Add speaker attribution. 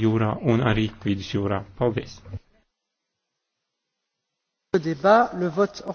Speaker 1: jūrā un arī vidusjūrā. Paldies!